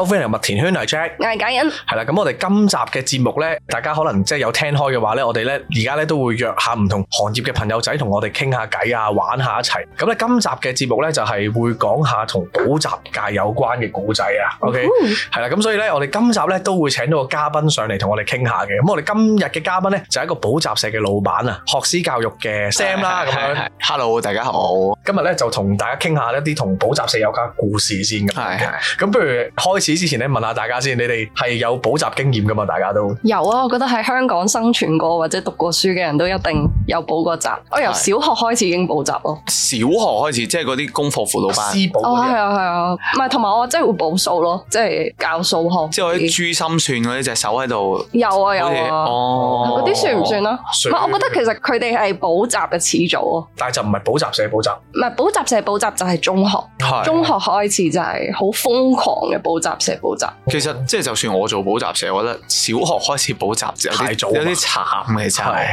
歡迎麥田圈，係 Jack，can 我係 Kayan。係啦，咁我哋今集嘅節目咧大家可能即係有聽開嘅話咧，我哋咧而家咧都會約下唔同行業嘅朋友仔同我哋傾下偈啊，玩下一齊。咁咧今集嘅節目咧就係、是、會講下同補習界有關嘅古仔啊。OK，係啦、mm，咁、hmm. 所以咧我哋今集咧都會請到個嘉賓上嚟，同我哋傾下嘅。咁我哋今日嘅嘉賓咧就係、是、一個補習社嘅老闆啊，學思教育嘅 Sam 啦。咁樣，Hello，大家好。今日咧就同大家傾下一啲同補習社有關嘅故事先嘅。係，咁不如開。此之前咧，問下大家先，你哋係有補習經驗㗎嘛？大家都有啊！我覺得喺香港生存過或者讀過書嘅人都一定有補過習。是我由小學開始已經補習咯。小學開始即係嗰啲功課輔導班私補嘅係、哦、啊，係啊，唔係同埋我真係會補數咯，即係教數學。即係我啲珠心算嗰啲隻手喺度。有啊像有啊哦，嗰啲算唔算啊？算水。我覺得其實佢哋係補習嘅始祖啊。但係就唔係補習社補習，唔係補習社補習就係、就係、中學。啊、中學開始就係好瘋狂嘅補習。石補習其實即係就算我做補習社，我覺得小學開始補習就太早，有啲慘嘅真係，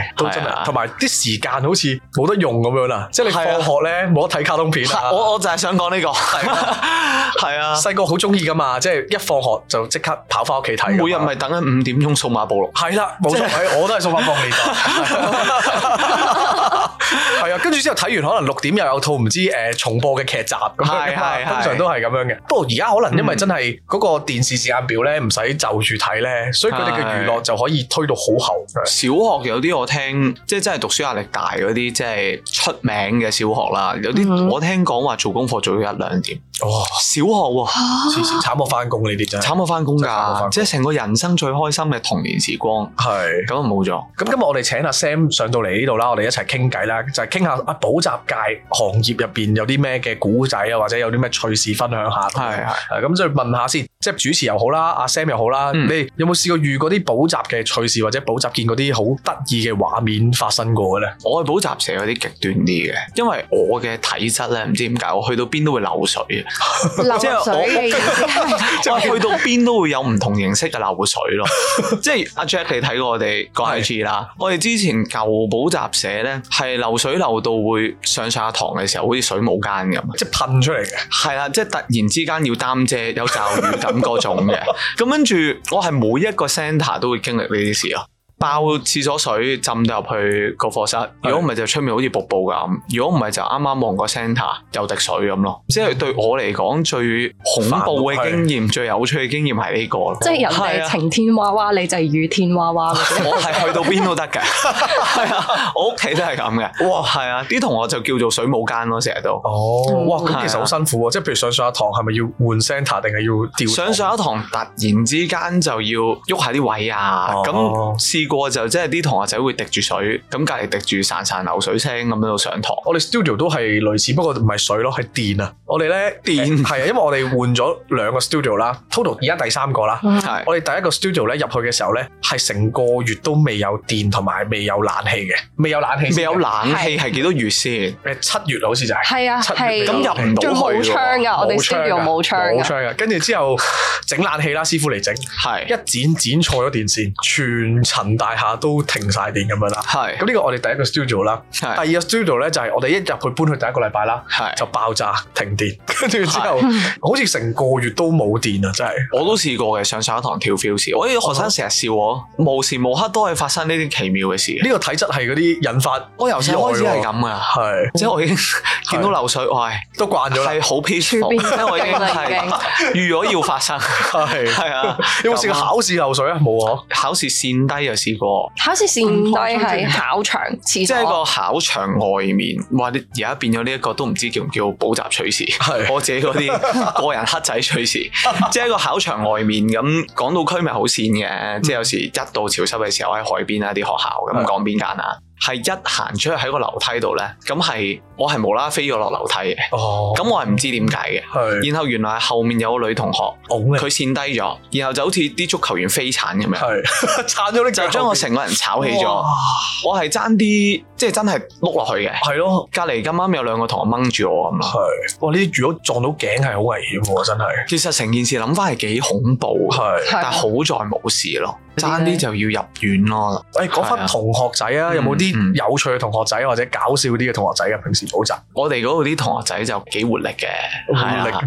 同埋啲時間好似冇得用咁樣啦。即係你放學咧，冇得睇卡通片。我我就係想講呢個，係啊，細個好中意噶嘛。即係一放學就即刻跑翻屋企睇。每日咪等緊五點鐘數碼暴龍咯。係啦，冇錯，我都係數碼暴龍嚟㗎。係啊，跟住之後睇完，可能六點又有套唔知誒重播嘅劇集咁樣。通常都係咁樣嘅。不過而家可能因為真係。嗰個電視時間表咧，唔使就住睇咧，所以佢哋嘅娛樂就可以推到好後。小學有啲我聽，即係真係讀書壓力大嗰啲，即係出名嘅小學啦。有啲我聽講話做功課做咗一兩點。哇！哦、小學喎、啊，慘過翻工呢啲真係，慘過翻工㗎，即係成個人生最開心嘅童年時光。係咁冇咗。咁今日我哋請阿 Sam 上到嚟呢度啦，我哋一齊傾偈啦，就係、是、傾下阿補習界行業入邊有啲咩嘅古仔啊，或者有啲咩趣事分享下。係係的。咁就問下先，即係主持又好啦，阿 Sam 又好啦，嗯、你有冇試過遇過啲補習嘅趣事或者補習見過啲好得意嘅畫面發生過嘅咧？我嘅補習社有啲極端啲嘅，因為我嘅體質咧，唔知點解我去到邊都會流水。漏水嚟嘅，即係 去到邊都會有唔同形式嘅漏水咯。 即係阿 Jack，你睇過我哋個 I G 啦。 我哋之前舊補習社咧，係漏水漏到會上上下堂嘅時候，好似水舞間咁，即係噴出嚟嘅。係啦，即係突然之間要擔遮，有驟雨感嗰種嘅。咁跟住，我係每一個 center 都會經歷呢啲事咯。爆廁所水浸到入去個課室，如果唔係就出面好似瀑布咁，如果唔係就啱啱望個 center 又滴水咁咯。即係對我嚟講最恐怖嘅經驗，最有趣嘅經驗係呢個咯。即係人哋晴天娃娃，你就雨天娃娃。我係去到邊都得㗎？係啊，我屋企都係咁嘅。哇，係啊，啲同學就叫做水舞間咯，成日都。哦，哇，咁其實好辛苦喎。即係譬如上上一堂係咪要換 center 定係要調？上上一堂突然之間就要喐下啲位啊，咁試過就即係啲同學仔會滴住水，咁隔籬滴住潺潺流水聲咁喺度上堂。我哋 studio 都係類似，不過唔係水咯，係電啊！我哋咧電係啊，因為我哋換咗兩個 studio 啦，total 而家第三個啦。我哋第一個 studio 咧入去嘅時候咧，係成個月都未有電同埋未有冷氣嘅，未有冷氣，未有冷氣係幾多月先？誒，七月好似就係。係啊，咁入唔到去。最好窗噶，我哋 studio 冇窗。冇窗噶，跟住之後整冷氣啦，師傅嚟整，係一剪剪錯咗電線，全層。大廈都停晒電咁樣啦，係咁呢個我哋第一個 studio 啦，第二個 studio 咧，就係我哋一入去搬去第一個禮拜啦，係就爆炸停電，跟住之後好似成個月都冇電啊，真係我都試過嘅，上上一堂跳 feel 試，我啲學生成日笑我，無時無刻都係發生呢啲奇妙嘅事，呢個體質係嗰啲引發，我由始開始係咁噶，係即係我已經見到漏水，喂都慣咗啦，係好 peaceful，如果要發生係係啊，有冇試過考試漏水啊？冇啊，考試線低又試過，考試善待係考場，所即係個考場外面。哇，你而家變咗呢一個都唔知叫唔叫補習趣事，我自己嗰啲個人黑仔趣事。 即係個考場外面咁，港島區咪好善嘅，嗯、即係有時一到潮濕嘅時候喺海邊啊啲學校咁講邊間啊？的係一行出去喺個樓梯度咧，咁係我係無啦啦飛咗落樓梯嘅，咁我係唔知點解嘅。然後原來後面有個女同學，佢跣低咗，然後就好似啲足球員飛鏟咁樣，鏟咗咧，就將我成個人炒起咗。我係爭啲，即係真係碌落去嘅。係咯，隔籬咁啱有兩個同學掹住我咁啊。哇！呢如果撞到頸係好危險喎，真係。其實成件事諗翻係幾恐怖，但係好在冇事咯。爭啲就要入院咯。誒，講翻同學仔啊，有冇啲？嗯、有趣嘅同學仔或者搞笑啲嘅同學仔嘅，平時補習，我哋嗰度啲同學仔就幾活力嘅，係啊，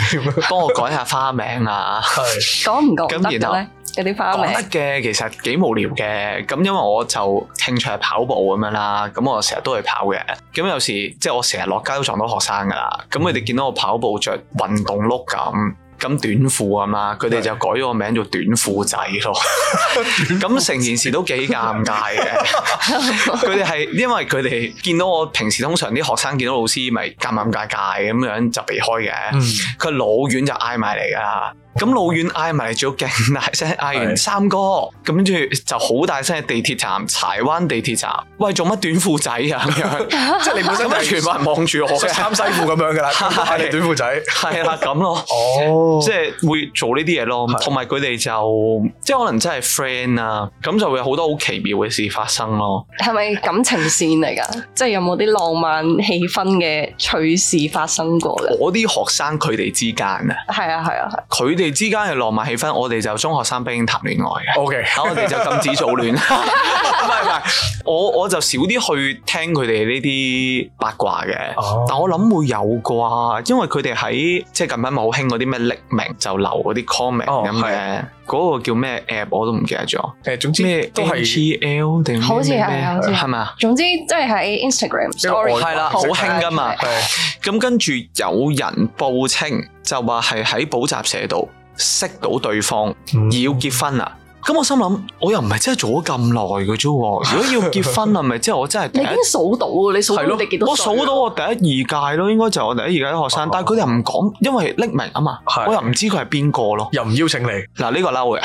幫 我改下花名啊，講唔講得咧？有啲花名講得嘅，其實幾無聊嘅。咁因為我就興趣係跑步咁樣啦，咁我成日都去跑嘅。咁有時即係、就是、我成日落街都撞到學生噶啦，咁佢哋見到我跑步着運動 look 咁。嗯咁短褲啊嘛，佢哋就改咗個名做短褲仔咯。咁成件事都幾尷尬嘅。佢哋係因為佢哋見到我平時，通常啲學生見到老師咪尷尷尬尬咁樣就避開嘅。佢、嗯、老遠就嗌埋嚟噶。咁老遠嗌埋仲勁大聲嗌完三哥，咁跟住就好大聲喺地鐵站，柴灣地鐵站，喂，做乜短褲仔啊？ 即係你本身你全部人望住我着衫西褲咁樣噶啦，嗌你短褲仔，係啦咁咯。哦、oh.，即係會做呢啲嘢咯。同埋佢哋就即係可能真係 friend 啊，咁就會有好多好奇妙嘅事發生咯。係咪感情線嚟噶？即係 有冇啲浪漫氣氛嘅趣事發生過咧？嗰啲學生佢哋之間啊，係啊係啊，佢的。是的 佢哋之間嘅浪漫氣氛，我哋就中學生不應談戀愛嘅。O Okay . K， 我哋就禁止早戀。唔係唔係，我我就少啲去聽佢哋呢啲八卦嘅。Oh. 但我諗會有啩，因為佢哋喺即係近排冇好興嗰啲咩匿名就留嗰啲 comment 咁嘅。Oh. 嗰個叫咩 app 我都唔記得咗。誒總之咩都係 T L 定好似係，好似係咪？總之即係喺 Instagram，係啦，好興㗎嘛。咁的跟住有人報稱，就話係喺補習社度識到對方、嗯、要結婚啦。咁我心諗，我又唔係真係做咗咁耐嘅啫。如果要結婚啦，咪即係我真係 你已經數到，你數到我第幾多？我數到我第一二屆咯，應該就我第一二屆學生。Uh huh. 但係佢哋又唔講，因為匿名啊嘛，我又唔知佢係邊個咯，uh huh. 又唔邀請你。嗱， 呢個嬲嘅。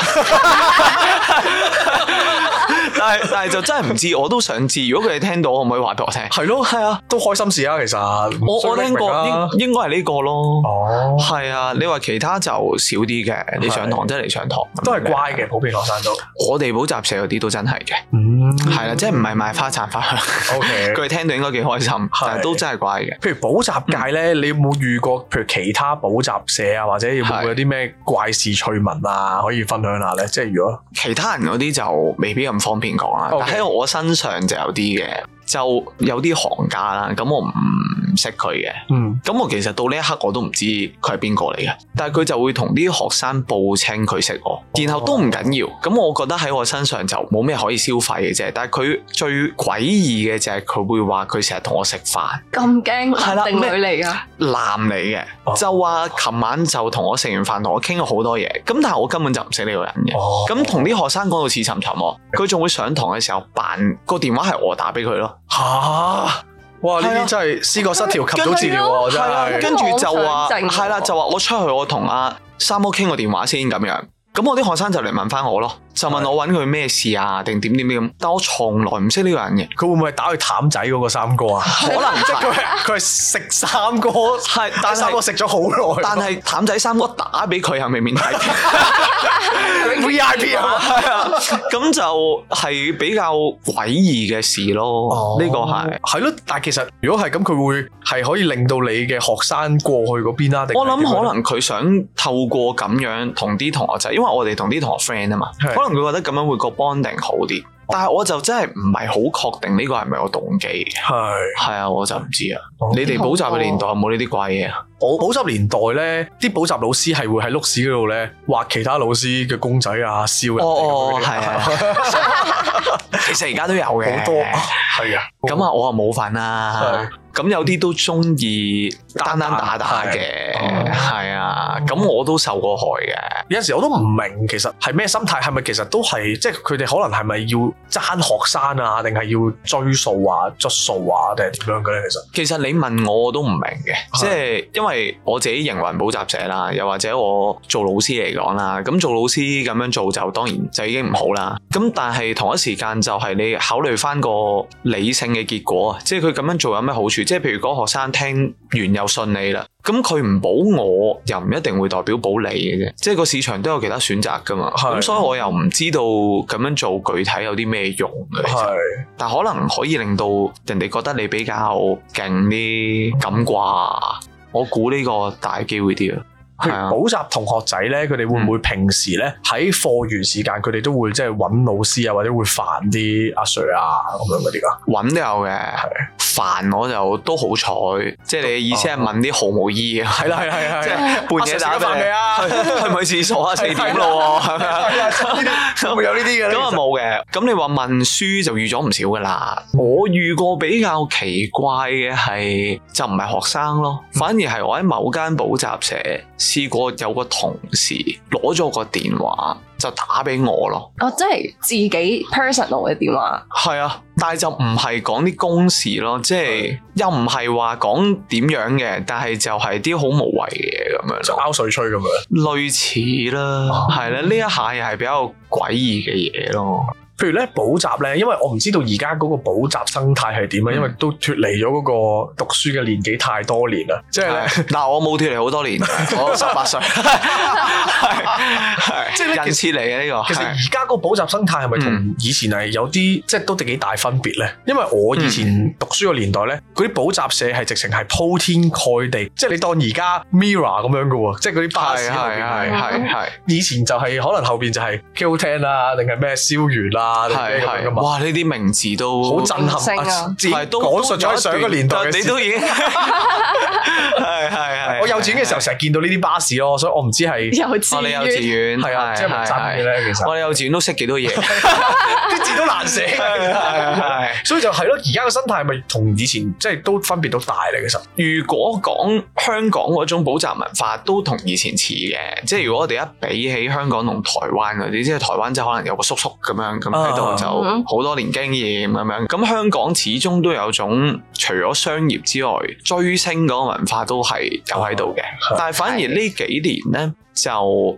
但係但係就真係唔知，我都想知。如果佢哋聽到，可唔可以話俾我聽？係咯，係啊，都開心事啊。其實我我聽過應應該係呢個咯。哦，係啊，你話其他就少啲嘅。你上堂真係嚟上堂，都係乖嘅，普遍學生都。我哋補習社嗰啲都真係嘅。嗯，係啦，即係唔係賣花讚花香？OK，佢哋聽到應該幾開心，但係都真係乖嘅。譬如補習界咧，你有冇遇過譬如其他補習社啊，或者有冇有啲咩怪事趣聞啊可以分享下咧？即係如果其他人嗰啲就未必咁方便。講啦，Okay。但喺我身上就有啲嘅。就有啲行家啦，咁我唔識佢嘅，咁我、嗯、其實我到呢一刻我都唔知佢係邊個嚟嘅，但係佢就會同啲學生報稱佢識我，然後哇都唔緊要，咁我覺得喺我身上就冇咩可以消費嘅啫。但係佢最詭異嘅就係佢會話佢成日同我食飯，咁驚定佢嚟㗎，係啦，咩？男嚟嘅，啊、就話琴晚就同我食完飯，同我傾咗好多嘢，咁但係我根本就唔識呢個人嘅，咁同啲學生講到似層層，佢仲會上堂嘅時候扮個電話係我打俾佢咯。吓！哇，呢啲真係思覺失調，啊，及早治療喎，真係。跟住就話，係啦，就話我出去，我同阿三毛傾個電話先咁樣。咁我啲學生就嚟問翻我咯，就問我揾佢咩事啊？定點點點咁。但我從來唔識呢個人嘅，佢會唔會係打去譚仔嗰個三哥啊？ 可能佢係佢係食三哥，係三哥食咗好耐。但係譚仔三哥打俾佢係咪免睇 VIP 啲啊？係啊。咁就係比較詭異嘅事咯。呢、oh. 個係係咯，但係其實如果係咁，佢會係可以令到你嘅學生過去嗰邊定、啊？有有，我諗可能佢想透過咁樣同啲同學仔，因為我哋同啲同學 friend 啊嘛，是可能佢覺得咁樣會個 bonding 好啲。哦、但係我就真係唔係好確定呢個係咪我動機？係係是啊，我就唔知啊。哦、你哋補習嘅年代有冇呢啲怪嘢啊？哦哦我補習年代咧，啲補習老師係會喺碌屎嗰度咧，畫其他老師嘅公仔啊，燒人。哦哦，係係。其實而家都有嘅。好多。係啊。咁啊，我啊冇份啦。係。咁有啲都中意單單打打嘅。係啊。咁我都受過害嘅。有陣時我都唔明，其實係咩心態，係咪其實都係即係佢哋可能係咪要爭學生啊，定係要追數啊、質數啊，質素，定係點樣嘅咧？其實。其實你問我，我都唔明嘅，即係因為。因為我自己營運補習社啦，又或者我做老師嚟講啦，咁做老師咁樣做就當然就已經唔好啦。咁但係同一時間就係你考慮翻個理性嘅結果，即係佢咁樣做有咩好處？即係譬如嗰學生聽完又信你啦，咁佢唔補我，又唔一定會代表補你嘅啫。即係個市場都有其他選擇㗎嘛，咁是的 所以我又唔知道咁樣做具體有啲咩用啊。是的 但可能可以令到人哋覺得你比較勁啲咁啩。我估呢個大機會啲啊！補習同學仔咧，佢哋會唔會平時咧喺課餘時間佢哋、嗯、都會即係揾老師啊，或者會煩啲阿 Sir 啊咁樣嗰啲㗎？揾都有嘅，係。煩我就都好彩，即係你意思係問啲毫無意義嘅？係啦係啦係啦，即係、 嗯、 半夜打嚟啊，去唔 去廁所啊？四點咯，係咪啊？嗯、就有呢啲嘅咁啊，冇嘅。咁、嗯、你話問書就遇咗唔少㗎喇，我遇過比較奇怪嘅係就唔係學生咯，反而係我喺某間補習社。試過有個同事攞咗個電話就打俾我咯，哦，即係自己 personal 嘅電話，係啊，但係就唔係講啲公事咯，即係是又唔係話講點樣嘅，但係就係啲好無謂嘅嘢，咁樣，就拗水吹咁樣，類似啦，係啦， 啊，呢一下又係比較詭異嘅嘢咯。譬如咧補習咧，因為我唔知道而家嗰個補習生態係點啊，因為都脱離咗嗰個讀書嘅年紀太多年啦。即係咧，嗱我冇脱離好多年，我十八歲，即係人設嚟嘅呢個。其實而家嗰個補習生態係咪同以前係有啲即係都幾大分別咧？因為我以前讀書嘅年代咧，嗰啲補習社係直情係鋪天蓋地，即係你當而家 Mirror 咁樣噶喎，即係嗰啲巴士入邊係。係係係。以前就係可能後邊就係 K.Oten 啊，定係咩蕭源啦。係係，哇！呢啲名字都好震撼啊，係都講述咗上個年代嘅事。係係係，我幼稚園嘅時候成日見到呢啲巴士咯，所以我唔知係幼稚園。係啊，即係唔識嘅咧。其實我哋幼稚園都識幾多嘢，啲字都難寫。所以就係咯。而家嘅生態咪同以前即係都分別都大咧。其實，如果講香港嗰種補習文化，都同以前似嘅。即係如果我哋一比起香港同台灣嗰啲，即係台灣即係可能有個叔叔咁樣咁啊。喺度就好多年經驗咁樣，咁香港始終都有種除咗商業之外追星嗰個文化都係有喺度嘅，Oh, okay. 但係反而呢幾年呢，就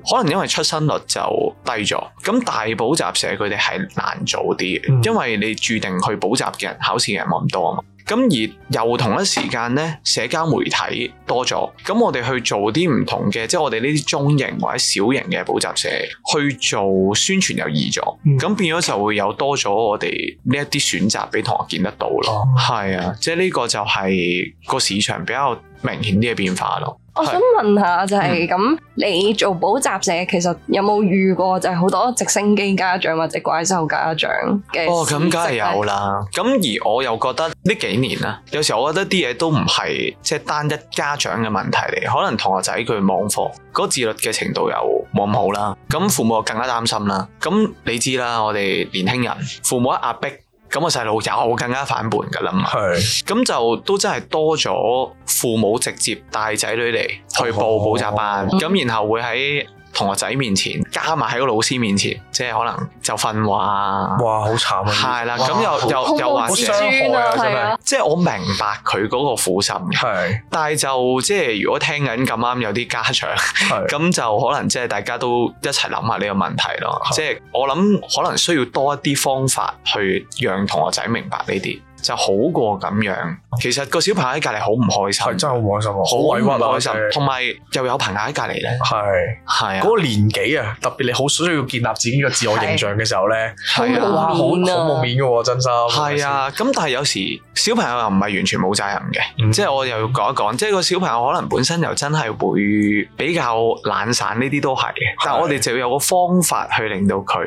可能因為出生率就低咗，咁大補習社佢哋係難做啲，uh huh. 因為你注定去補習嘅人考試嘅人冇咁多啊嘛。咁而又同一時間呢，社交媒體多咗，咁我哋去做啲唔同嘅，即係我哋呢啲中型或者小型嘅補習社去做宣傳又易咗，咁、嗯、變咗就會有多咗我哋呢一啲選擇俾同學見得到咯。係、嗯、啊，即係呢個就係個市場比較明顯啲嘅變化咯。我想問下就係、是、咁，嗯、你做補習社其實有冇遇過就係好多直升機家長或者怪獸家長嘅？哦，咁梗係有啦。咁而我又覺得呢幾年啊，有時候我覺得啲嘢都唔係即係單一家長嘅問題嚟，可能同學仔佢網課嗰自律嘅程度又冇咁好啦。咁父母又更加擔心啦。咁你知啦，我哋年輕人父母一壓迫。咁個細路就會更加反叛㗎喇嘛是，咁就都真係多咗父母直接帶仔女嚟去報補習班，咁、哦、然後會喺同學仔面前加埋喺個老師面前，即係可能就訓話，哇，好慘啊！係啦，咁又又又話傷害啊！即係，即係我明白佢嗰個苦心嘅，係。但係就即係如果聽緊咁啱有啲家長，咁就可能即係大家都一齊諗下呢個問題咯。即係我諗可能需要多一啲方法去讓同學仔明白呢啲。就好過咁樣，其實個小朋友喺隔離好唔開心，真係好唔開心喎，好委屈啊，唔開心同埋又有朋友喺隔離咧，係係嗰個年紀啊，特別你好需要建立自己嘅自我形象嘅時候咧，好冇面啊，好冇面嘅喎，真心，係啊，咁但係有時小朋友又唔係完全冇責任嘅，即係我又要講一講，即係個小朋友可能本身又真係會比較懶散，呢啲都係，但係我哋就要有個方法去令到佢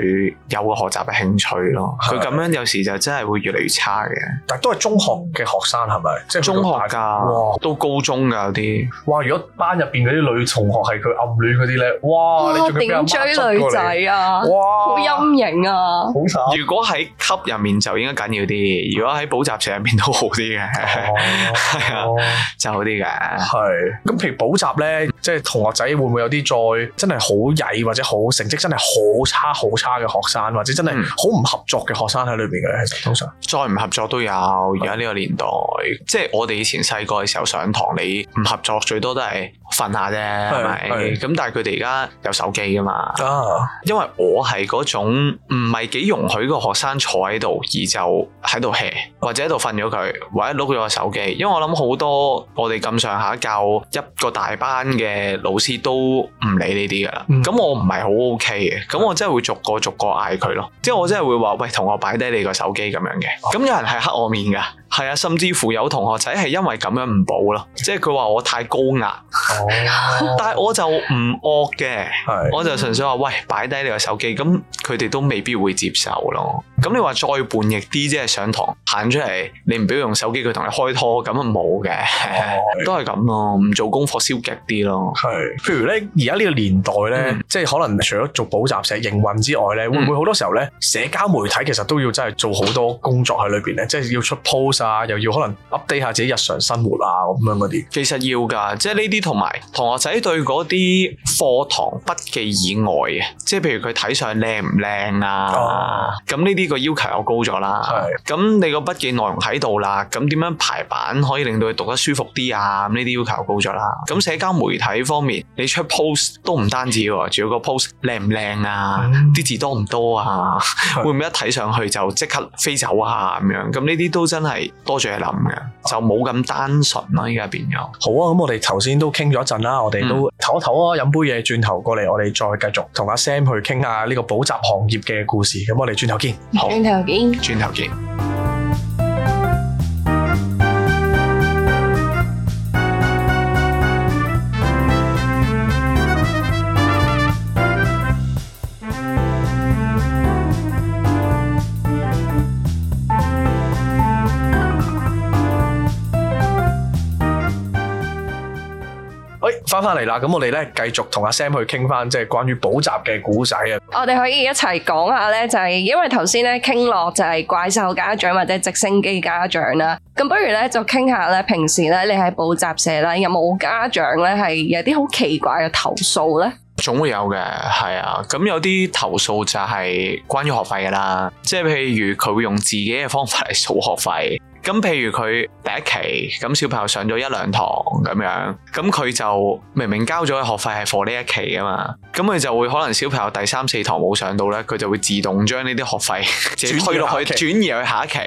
有個學習嘅興趣咯，佢咁樣有時就真係會越嚟越差嘅。但都係中學嘅學生係咪？即係中學噶，哇！都高中噶嗰啲，有哇！如果班入邊嗰啲女同學係佢暗戀嗰啲咧，哇！你點哇追女仔啊！哇！好陰影啊！好慘。如果喺級入面就應該緊要啲，如果喺補習社入面都好啲嘅，嗯、 哦， 就好啲嘅。係是。咁譬如補習咧，即係同學仔會唔會有啲再真係好曳或者好成績真係好差好差嘅學生，或者真係好唔合作嘅學生喺裏邊嘅咧？嗯、其實通常再唔合作都有。教而家呢個年代，即係我哋以前細個嘅時候上堂，你唔合作最多都係。瞓下啫，係咪？咁但係佢哋而家有手機噶嘛？啊，因為我係嗰種唔係幾容許個學生坐喺度，而就喺度 hea 或者喺度瞓咗佢，或者碌咗個手機。因為我諗好多，我哋咁上下教一個大班嘅老師都唔理呢啲噶啦。咁、嗯、我唔係好 OK 嘅，咁我真係會逐個逐個嗌佢咯。即係我真係會話喂，同我擺低你個手機咁樣嘅。咁、嗯、有人係黑我面噶。係啊，甚至乎有同學仔係因為咁樣唔補咯，即係佢話我太高壓，哦、 但係我就唔惡嘅，是我就純粹話喂，擺低你個手機，咁佢哋都未必會接受咯。咁、嗯、你話再叛逆啲，即係上堂行出嚟，你唔俾佢用手機，佢同你開拖，咁啊冇嘅，是都係咁咯，唔做功課消極啲咯。係，譬如咧，而家呢個年代咧，嗯、即係可能除咗做補習社營運之外咧，會唔會好多時候咧，嗯、社交媒體其實都要真係做好多工作喺裏邊咧，即係要出 post。啊，又要可能 update 下自己日常生活啊，咁樣嗰啲，其實要噶，即係呢啲同埋同學仔對嗰啲課堂筆記以外嘅，即係譬如佢睇上去靚唔靚啊，咁呢啲個要求又高咗啦。係、哦嗯，咁你個筆記內容喺度啦，咁、嗯、點樣排版可以令到佢讀得舒服啲啊？咁呢啲要求高咗啦。咁社交媒體方面，你出 post 都唔單止，仲要個 post 靚唔靚啊？啲字多唔多啊？嗯、會唔會一睇上去就即刻飛走啊？咁樣，咁呢啲都真係。多謝係諗嘅，就冇咁單純咯，啊，依家變咗。好啊，咁我哋頭先都傾咗一陣啦，我哋都唞，嗯、一唞啊，飲杯嘢，轉頭過嚟，我哋再繼續同阿 Sam 去傾下呢個補習行業嘅故事。咁我哋轉頭見，轉頭見，轉頭見。翻翻嚟啦，咁我哋咧繼續同阿 Sam 去傾翻，即係關於補習嘅古仔啊！我哋可以一齊講下咧，就係因為頭先咧傾落就係怪獸家長或者直升機家長啦，咁不如咧就傾下咧平時咧你喺補習社啦有冇家長咧係有啲好奇怪嘅投訴咧？總會有嘅，係啊，咁有啲投訴就係關於學費噶啦，即係譬如佢會用自己嘅方法嚟數學費。咁譬如佢第一期咁，小朋友上咗一兩堂咁樣，咁佢就明明交咗嘅學費係課呢一期啊嘛，咁佢就會可能小朋友第三四堂冇上到咧，佢就會自動將呢啲學費推落去轉移去下一期，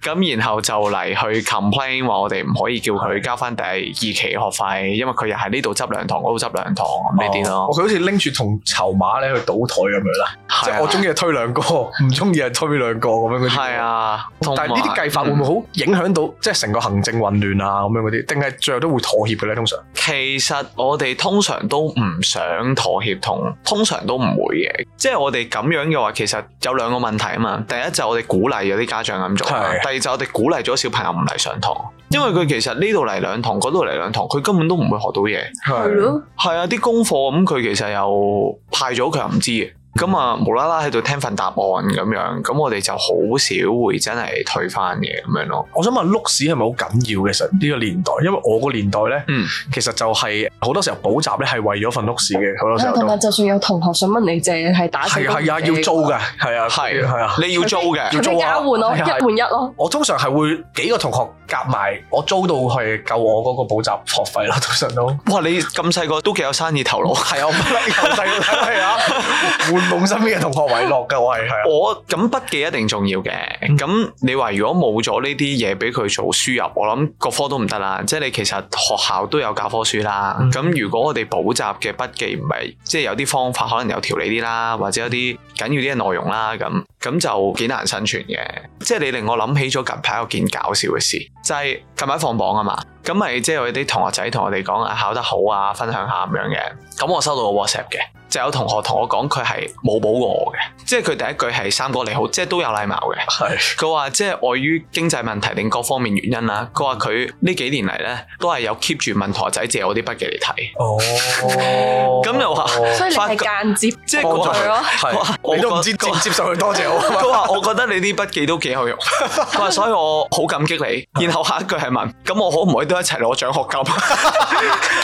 咁是的 然後就嚟去 complain 話我哋唔可以叫佢交翻第二期嘅學費，因為佢又係呢度執兩堂，嗰度執兩堂呢啲咯。哦，佢些、哦、好似拎住同籌碼咧去倒枱咁樣啦，即係是的 我中意就推兩個，唔中意就推兩個咁樣嗰啲。係啊， 但係呢啲計法會唔會好？影響到即係成個行政混亂啊咁樣嗰啲，定係最後都會妥協嘅咧？通常，其實我哋通常都唔想妥協，同通常都唔會嘅。即係我哋咁樣嘅話，其實有兩個問題啊嘛。第一就我哋鼓勵有啲家長咁做，的第二就我哋鼓勵咗小朋友唔嚟上堂，因為佢其實呢度嚟兩堂，嗰度嚟兩堂，佢根本都唔會學到嘢。係咯的，係啊的，啲功課咁，佢、嗯、其實又派咗，佢又唔知嘅。咁啊，無啦啦喺度聽份答案咁樣，咁我哋就好少會真係退翻嘅咁樣咯。我想問碌屎係咪好緊要？其實呢個年代，因為我個年代咧，其實就係好多時候補習咧係為咗份碌屎嘅好多時候。就算有同學想問你借，係打係啊啊，要租嘅係啊係係啊，你要租嘅，要租啊，交換咯，一換一咯。我通常係會幾個同學夾埋，我租到係夠我嗰個補習學費咯，通常都。哇！你咁細個都幾有生意頭腦。係啊，我唔係咁細個係啊。冇身邊嘅同學為樂噶， 我係係。我咁筆記一定重要嘅。咁 你話如果冇咗呢啲嘢俾佢做輸入，我諗各科都唔得啦。即係你其實學校都有教科書啦。咁 如果我哋補習嘅筆記唔係，即係有啲方法可能有條理啲啦，或者有啲緊要啲嘅內容啦。咁咁就幾難生存嘅。即係你令我諗起咗近排有一件搞笑嘅事。就係近排放榜啊嘛，咁咪即係有啲同學仔同我哋講啊，考得好啊，分享下咁樣嘅。咁我收到個 WhatsApp 嘅，就有同學同我講佢係冇補過我嘅，即係佢第一句係三哥你好，即係都有禮貌嘅。佢話即係礙於經濟問題定各方面原因啦。佢話佢呢幾年嚟呢，都係有 keep 住問同學仔借我啲筆記嚟睇。哦。咁又話。所以你係間接。即係過去咯。我都唔知接唔接受佢多謝我。佢話我覺得你啲筆記都幾好用。佢話所以我好感激你。然後。後下一句係問：咁我可唔可以都一齊攞獎學金？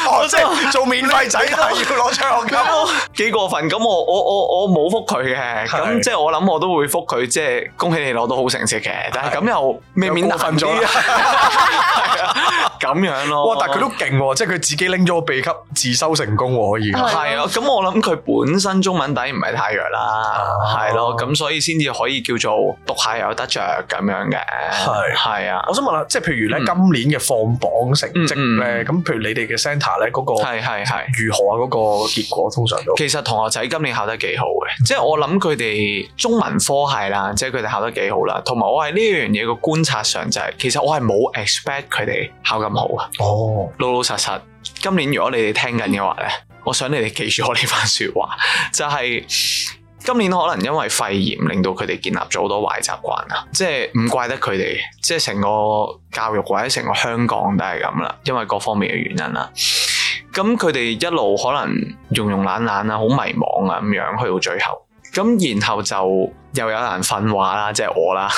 我做做免費仔都係要攞獎學金咯，幾過分？咁我我我我冇覆佢嘅，咁即係我諗我都會覆佢，即係恭喜你攞到好成績嘅。但係咁又未免過分咗，係啊，咁樣咯。哇！但係佢都勁喎，即係佢自己拎咗個 B 級自修成功喎，可以。係啊，咁我諗佢本身中文底唔係太弱啦，係咯，咁所以先至可以叫做讀下又有得着咁樣嘅。係係啊，我想問下。即譬如咧，今年嘅放榜成績咧，咁、嗯嗯、譬如你哋嘅 centre 咧，嗰個係係係如何啊？嗰個結果通常都，其實同學仔今年考得幾好嘅，即係、嗯、我諗佢哋中文科係啦，即係佢哋考得幾好啦。同埋我喺呢樣嘢個觀察上就係、是，其實我係冇 expect 佢哋考咁好啊。哦，老老實實，今年如果你哋聽緊嘅話咧，我想你哋記住我呢番說話，就係、是。今年可能因為肺炎，令到佢哋建立咗好多壞習慣啊！即係唔怪得佢哋，即係成個教育或者成個香港都係咁啦，因為各方面嘅原因啦。咁佢哋一路可能庸庸懶懶啊，好迷茫啊咁樣去到最後。咁然後就又有人訓話啦，即係我啦。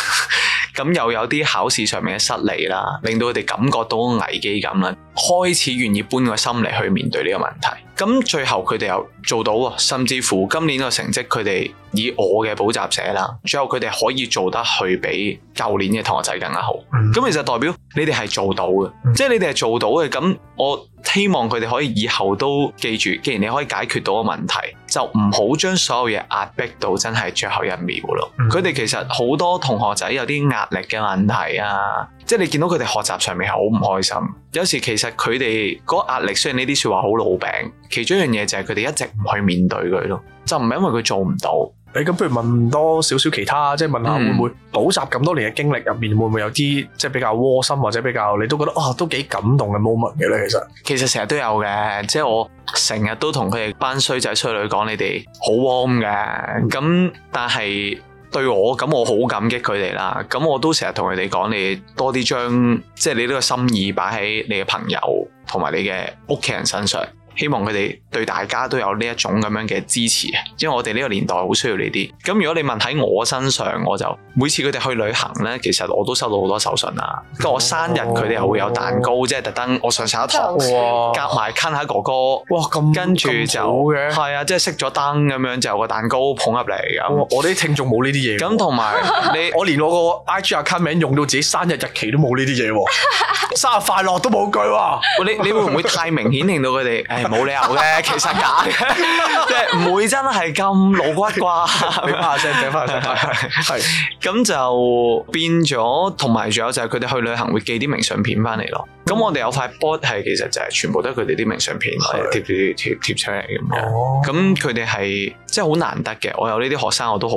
咁 又有啲考試上面嘅失利啦，令到佢哋感覺到危機感啦。開始願意搬個心嚟去面對呢個問題，咁最後佢哋又做到啊，甚至乎今年個成績佢哋以我嘅補習社啦，最後佢哋可以做得去比舊年嘅同學仔更加好，咁、嗯、其實代表你哋係做到嘅。嗯、即係你哋係做到嘅，咁我希望佢哋可以以後都記住，既然你可以解決到個問題，就唔好將所有嘢壓迫到真係最後一秒咯。佢哋、嗯、其實好多同學仔有啲壓力嘅問題啊。即係你見到佢哋學習上面好唔開心，有時其實佢哋嗰個壓力，雖然呢啲說話好老餅，其中一樣嘢就係佢哋一直唔去面對佢咯，就唔係因為佢做唔到。你咁、欸、不如問多少少其他，即係問下會唔會補習咁多年嘅經歷入面會唔會有啲即係比較窩心或者比較你都覺得啊、哦、都幾感動嘅 moment 嘅咧？其實其實成日都有嘅，即係我成日都同佢哋班衰仔衰女講，你哋好 warm 嘅，咁、嗯、但係。對我，咁我好感激佢哋啦。咁我都成日同佢哋講，你多啲將即係你呢個心意擺喺你嘅朋友同埋你嘅屋企人身上。希望佢哋對大家都有呢一種咁樣嘅支持，因為我哋呢個年代好需要呢啲。咁如果你問喺我身上，我就每次佢哋去旅行咧，其實我都收到好多手信啊。不過我生日佢哋又會有蛋糕，哦、即係特登我上晒一堂，夾埋坑下哥哥，哇！咁跟住就係啊，即係熄咗燈咁樣就有個蛋糕捧入嚟㗎。我啲聽眾冇呢啲嘢。咁同埋你， 我連我個 IG account 名用到自己生日日期都冇呢啲嘢， 生日快樂都冇句話。 你你，你會唔會太明顯令到佢哋？冇理由嘅， 其實假嘅，即係唔會真係咁老骨啩。你發下聲，你發下聲，係係咁就變咗，同埋仲有就係佢哋去旅行會寄啲明信片翻嚟咯。咁我哋有塊 board 係其實就係全部都係佢哋啲明信片嚟的貼住貼出嚟咁樣，咁佢哋係即係好難得嘅。我有呢啲學生我都好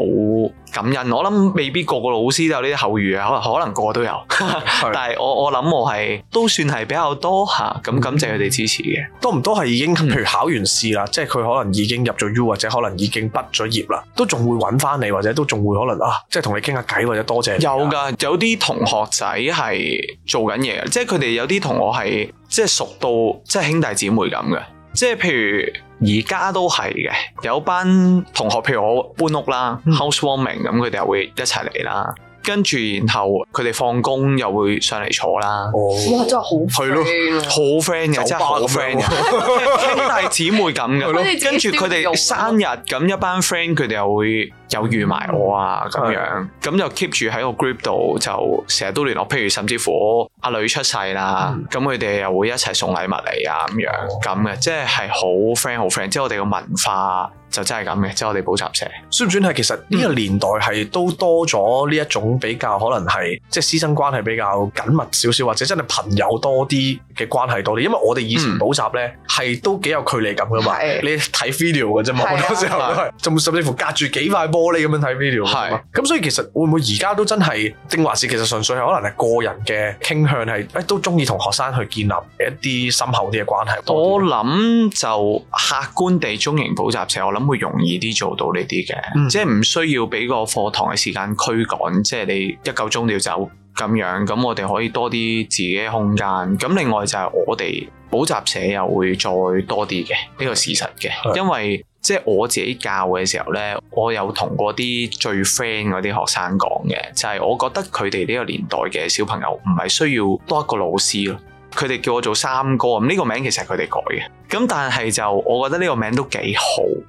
感恩。我諗未必個個老師都有呢啲口語啊，可能可能個個都有， 的但係我我諗我係都算係比較多嚇咁、啊、感謝佢哋支持嘅。多唔多係已經譬如考完試啦，即係佢可能已經入咗 U 或者可能已經畢咗業啦，都仲會揾翻你或者都仲會可能啊，即係同你傾下偈或者多謝、啊有。有㗎，有啲同學仔係做緊嘢，即係佢哋有啲。啲同我係即係熟到即係兄弟姊妹咁嘅，即係譬如而家都係嘅，有班同學譬如我搬屋啦，housewarming 咁，佢哋又會一齊嚟啦。跟住，然後佢哋放工又會上嚟坐啦，oh。哇！真係好好 friend，真係好 friend 嘅，兄弟姊妹咁嘅。跟住佢哋生日咁一班 friend，佢哋又會有遇埋我啊咁樣，咁就 keep 住喺個 group 度就成日都聯絡。譬如甚至乎阿女出世啦，咁佢哋又會一齊送禮物嚟啊咁樣咁嘅，oh。即係係好 friend 好 friend。即係我哋嘅文化。就真係咁嘅，即係我哋補習社算唔算係？其實呢個年代係都多咗呢一種比較可能係即係師生關係比較緊密少少，或者真係朋友多啲嘅關係多啲。因為我哋以前補習咧係都幾有距離感噶嘛，是你睇 video 嘅啫嘛，好多的時候都係甚至乎隔住幾塊玻璃咁樣睇 video 咁的所以其實會唔會而家都真係定華士定係其實純粹係可能係個人嘅傾向係誒都中意同學生去建立一啲深厚啲嘅關係，我諗就客觀地中型補習社，我諗。會容易啲做到呢啲嘅，嗯、即係唔需要俾個課堂嘅時間驅趕，嗯、即係你一夠鐘就要走咁樣，咁我哋可以多啲自己嘅空間。咁另外就係我哋補習社又會再多啲嘅呢個事實嘅，是的 因為是的 即係我自己教嘅時候呢，我有同嗰啲最 friend 嗰啲學生講嘅，就係、是、我覺得佢哋呢個年代嘅小朋友唔係需要多一個老師咯。佢哋叫我做三哥，咁、這、呢個名其實係佢哋改嘅。咁但係就我覺得呢個名字都幾好，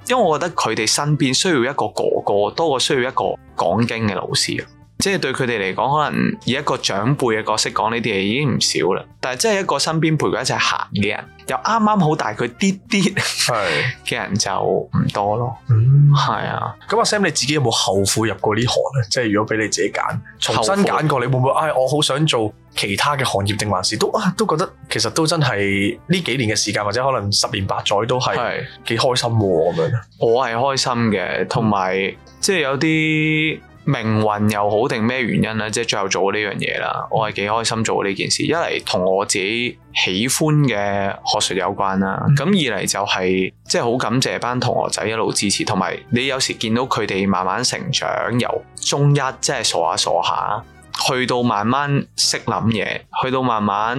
因為我覺得佢哋身邊需要一個哥哥，多過需要一個講經嘅老師。即係對佢哋嚟講，可能以一個長輩嘅角色講呢啲嘢，已經唔少啦。但係即係一個身邊陪佢一齊行嘅人，又啱啱好大，大，佢啲啲嘅人就唔多咯。嗯是，係啊。咁阿 Sam 你自己有冇後悔入過呢行咧？即係如果俾你自己揀，重新揀過，悔你會唔會？唉、哎，我好想做其他嘅行業，定還是，還是都啊，都覺得其實都真係呢幾年嘅時間，或者可能十年八載都係幾是開心嘅咁樣。我係開心嘅，同埋、嗯、即係有啲。命運又好定咩原因呢？即係最後做呢樣嘢啦，我係幾開心做呢件事。一嚟同我自己喜歡嘅學術有關啦，咁二嚟就係即係好感謝班同學仔一路支持，同埋你有時見到佢哋慢慢成長，由中一即係傻下傻下去到慢慢識諗嘢，去到慢慢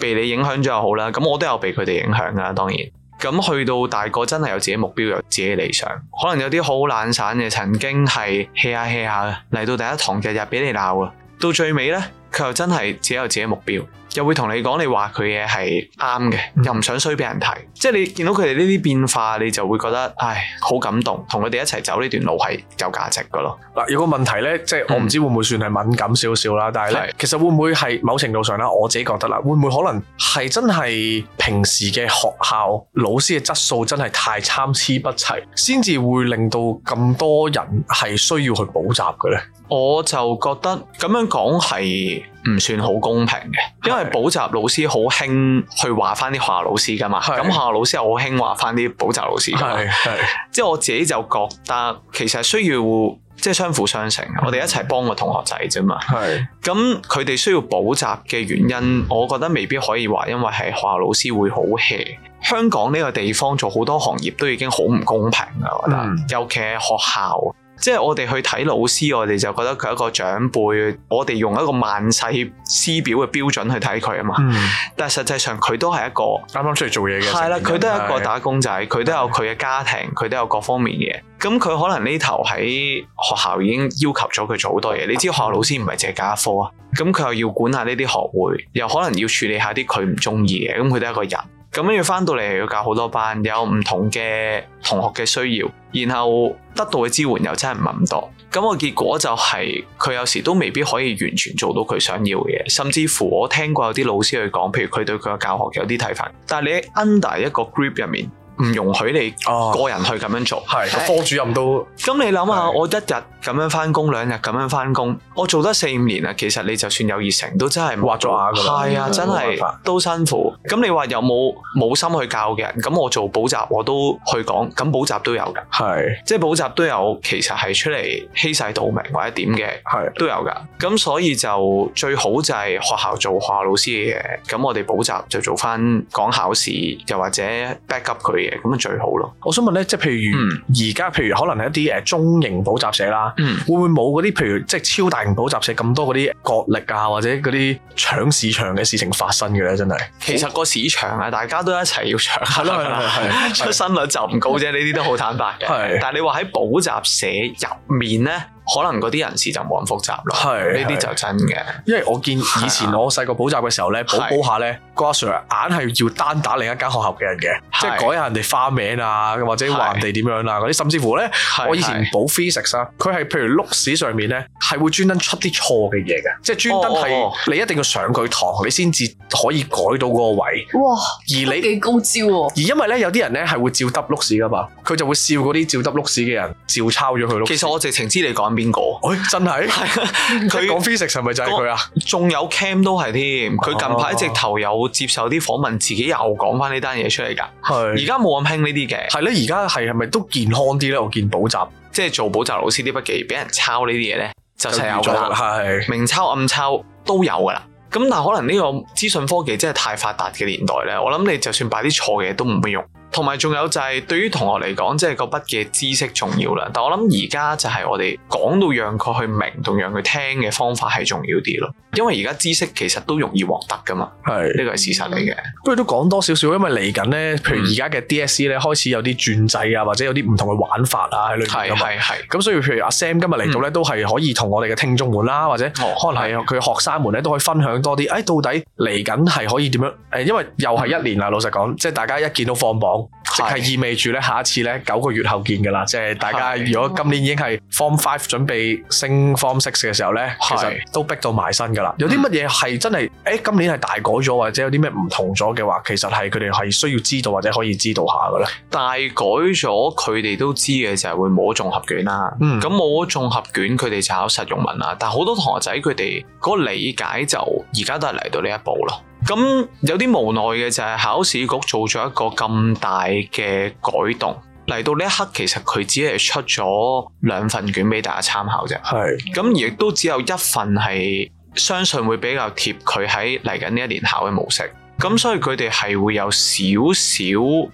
被你影響咗又好啦。咁我都有被佢哋影響噶，當然。咁去到大個，真係有自己目標，有自己理想。可能有啲好懶散嘅，曾經係 hea 下 hea 下，嚟到第一堂日日俾你鬧啊，到最尾呢，佢又真係只有自己目標。又會同你講，你話佢嘢係啱嘅，又唔想衰俾人睇，即係你見到佢哋呢啲變化，你就會覺得唉，好感動，同佢哋一齊走呢段路係有價值嘅咯。嗱，有個問題呢，嗯，即係我唔知會唔會算係敏感少少啦，但係呢，其實會唔會係某程度上咧，我自己覺得啦，會唔會可能係真係平時嘅學校老師嘅質素真係太參差不齊，先至會令到咁多人係需要去補習嘅呢？我就覺得咁樣講係唔算好公平嘅，是因為補習老師好興去話翻啲學校老師噶嘛，咁是學校老師又好興話翻啲補習老師嘛。係係，即係我自己就覺得其實需要即係相輔相成，嗯、我哋一齊幫個同學仔啫嘛。係是，咁佢哋需要補習嘅原因，我覺得未必可以話因為係學校老師會好 hea。香港呢個地方做好多行業都已經好唔公平啦，我覺得，嗯、尤其係學校。即係我哋去睇老師，我哋就覺得佢係一個長輩，我哋用一個萬世師表嘅標準去睇佢啊嘛。嗯、但係實際上佢都係一個啱啱出嚟做嘢嘅，係啦，佢都係一個打工仔，佢是的 都有佢嘅家庭，佢都有各方面嘅。咁佢可能呢頭喺學校已經要求咗佢做好多嘢。你知學校老師唔係淨教一科啊，咁佢又要管下呢啲學會，又可能要處理下啲佢唔中意嘅，咁佢都係一個人。咁跟住翻到嚟要教好多班，有唔同嘅同學嘅需要，然後得到嘅支援又真係唔係咁多，咁個結果就係佢有時都未必可以完全做到佢想要嘅嘢，甚至乎我聽過有啲老師去講，譬如佢對佢嘅教學有啲睇法，但係你喺 under 一個 group 入面。唔容許你個人去咁樣做，係、哦、科主任都。咁、啊、你諗下，的我一日咁樣翻工，兩日咁樣翻工，我做得四五年啦。其實你就算有熱誠，都真係畫咗眼嘅，係啊，真係都辛苦。咁你話有冇冇心去教嘅人？咁我做補習我都去講，咁補習都有噶，係的，即係補習都有，其實係出嚟欺世盜名或者點嘅，係的都有噶。咁所以就最好就係學校做學校老師嘅嘢，咁我哋補習就做翻講考試，又或者 back up 佢。咁就最好咯。我想問咧，即係譬如而家，嗯、譬如可能係一啲誒中型補習社啦，嗯、會唔會冇嗰啲譬如即係超大型補習社咁多嗰啲角力啊，或者嗰啲搶市場嘅事情發生嘅咧？真係，其實個市場啊，大家都一齊要搶，係啦係， 出生率就唔高啫，呢啲都好坦白嘅。係 的， 但係你話喺補習社入面咧。可能嗰啲人事就冇咁複雜咯，係呢啲就真嘅。因為我見以前我細個補習嘅時候咧，補補下咧，個阿 Sir 硬係要單打另一間學校嘅人嘅，即係改下人哋花名啊，或者話人哋點樣啦嗰啲，甚至乎咧，我以前補 physics 啊，佢係譬如碌屎上面咧，係會專登出啲錯嘅嘢嘅，即係專登係你一定要上佢堂，你先至可以改到嗰個位。哇！而你幾高招喎？而因為咧，有啲人咧係會照得碌屎噶嘛，佢就會笑嗰啲照得碌屎嘅人，照抄咗佢碌。其實我直情知你講邊個？哎、欸，真係，佢講 physics 係咪就係佢啊？仲有 Cam 都係添，佢近排直頭有接受啲訪問，自己又講翻呢單嘢出嚟噶。係的，而家冇咁興呢啲嘅。係咧，而家係係咪都健康啲咧？我見補習，即係做補習老師啲筆記，俾人抄呢啲嘢咧，就成日有啦。係，明抄暗抄都有噶啦。咁但係可能呢個資訊科技真係太發達嘅年代咧，我諗你就算擺啲錯嘅嘢都唔會用。同埋仲有就係對於同學嚟講，即係個筆嘅知識重要啦。但我諗而家就係我哋講到讓佢去明同讓佢聽嘅方法係重要啲咯。因為而家知識其實都容易獲得噶嘛，係呢個係事實嚟嘅。不過都講多少少，因為嚟緊咧，譬如而家嘅 DSE 咧開始有啲轉制啊，或者有啲唔同嘅玩法啊，係類咁啊嘛。係係係。咁所以譬如阿 Sam 今日嚟到咧，嗯、都係可以同我哋嘅聽眾們啦，或者可能係佢學生們咧，都可以分享多啲。誒、哎、到底嚟緊係可以點樣？誒因為又係一年啦，老實講，即係大家一見到放榜。即係意味住咧，下一次咧九個月後見噶啦。是即係大家如果今年已經係 Form Five 準備升 Form Six 嘅時候咧，是其實都逼到埋身噶啦。是有啲乜嘢係真係誒、欸，今年係大改咗，或者有啲咩唔同咗嘅話，其實係佢哋係需要知道或者可以知道下嘅咧。大改咗，佢哋都知嘅就係會冇咗綜合卷啦。嗯，咁冇咗綜合卷，佢哋就考實用文啦。但係好多同學仔佢哋嗰個理解就而家都係嚟到呢一步咯。咁有啲無奈嘅就係考試局做咗一個咁大嘅改動，嚟到呢一刻其實佢只係出咗兩份卷俾大家參考啫。係是，咁亦都只有一份係相信會比較貼佢喺嚟緊呢一年考嘅模式。咁所以佢哋係會有少少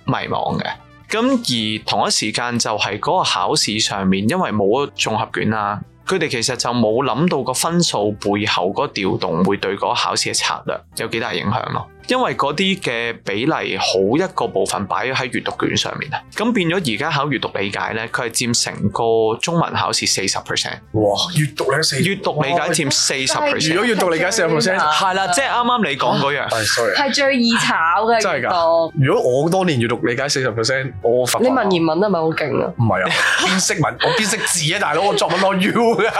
迷茫嘅。咁而同一時間就係嗰個考試上面，因為冇咗綜合卷啦。佢哋其實就冇諗到個分數背後嗰個調動會對嗰考試嘅策略有幾大影響。因為嗰啲嘅比例好一個部分擺咗喺閱讀卷上面啊，咁變咗而家考閱讀理解咧，佢係佔成個中文考試四十 percent。哇，閱讀理解，閱讀理解佔四十 percent。如果閱讀理解四十 percent，係啦，即係啱啱你講嗰樣，係最易炒嘅。真係㗎？如果我當年閱讀理解四十 percent，我你文言文係咪好勁啊？唔係啊，邊識文？我邊識字啊，大佬？我作文我 U 啊，